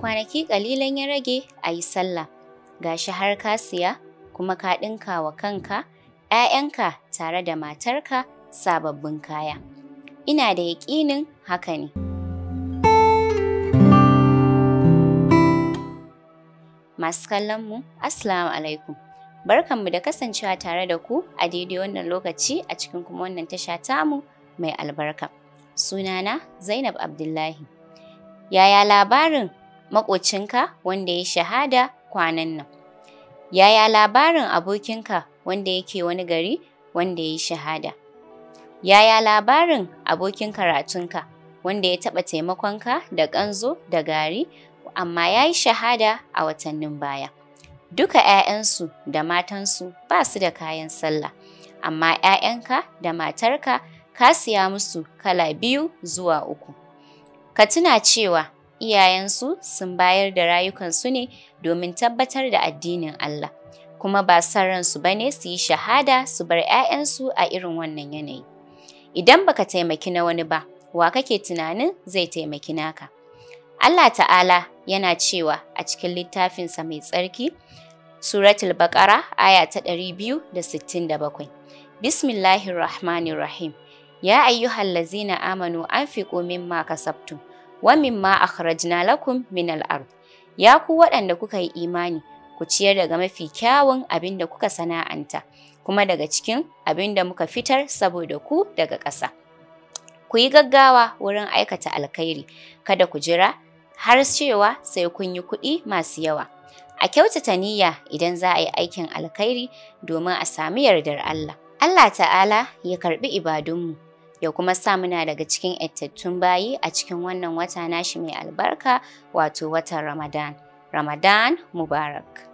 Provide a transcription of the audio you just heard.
Kwanaki ƙalilan ya rage a yi sallah, shi har ka siya kuma ka ɗinka wa kanka, ‘ya'yanka tare da matarka sababbin kaya. Ina da yaƙinin haka ne. Masu kallon mu, Assalamu alaikum. Barkanmu da kasancewa tare da ku a daidai wannan lokaci a cikin kuma wannan tasha tamu mai albarka. Sunana Zainab Abdullahi. Yaya labarin maƙocinka wanda ya shahada kwanan nan? Yaya labarin abokinka wanda yake wani gari wanda ya shahada? Yaya labarin abokin karatunka wanda ya taɓa taimakonka da ƙanzo da gari amma ya yi shahada a watannin baya? Duka 'ya'yansu da matansu ba su da kayan sallah, amma 'ya'yanka da matarka ka siya musu kala biyu zuwa uku. Ka tuna cewa iyayensu sun bayar da rayukansu ne domin tabbatar da addinin Allah, kuma ba son ransu ba ne su yi shahada su bar 'ya'yansu a irin wannan yanayi. Idan baka taimaki na wani ba, wa kake tunanin zai taimaki naka? Allah Ta'ala yana cewa a cikin littafinsa mai tsarki, Suratul Baƙara aya ta bakwai Bismillahirrahmanirrahim. Ya ayyuhallazina amanu ƙomin maka kasabtum wa mimma akhrajna lakum min al-ard ya ku waɗanda kuka yi imani ku ciyar daga mafi kyawun abin da kuka sana'anta kuma daga cikin abin da muka fitar saboda ku daga ƙasa ku yi gaggawa wurin aikata alkhairi kada ku jira har cewa sai kun yi kuɗi masu yawa a kyautata niyya idan za a yi aikin alkhairi domin a sami yardar Allah Allah ta'ala ya karbi ibadunmu ya kuma sa muna daga cikin yattattun bayi a cikin wannan wata nashi mai albarka wato watan Ramadan. Ramadan Mubarak.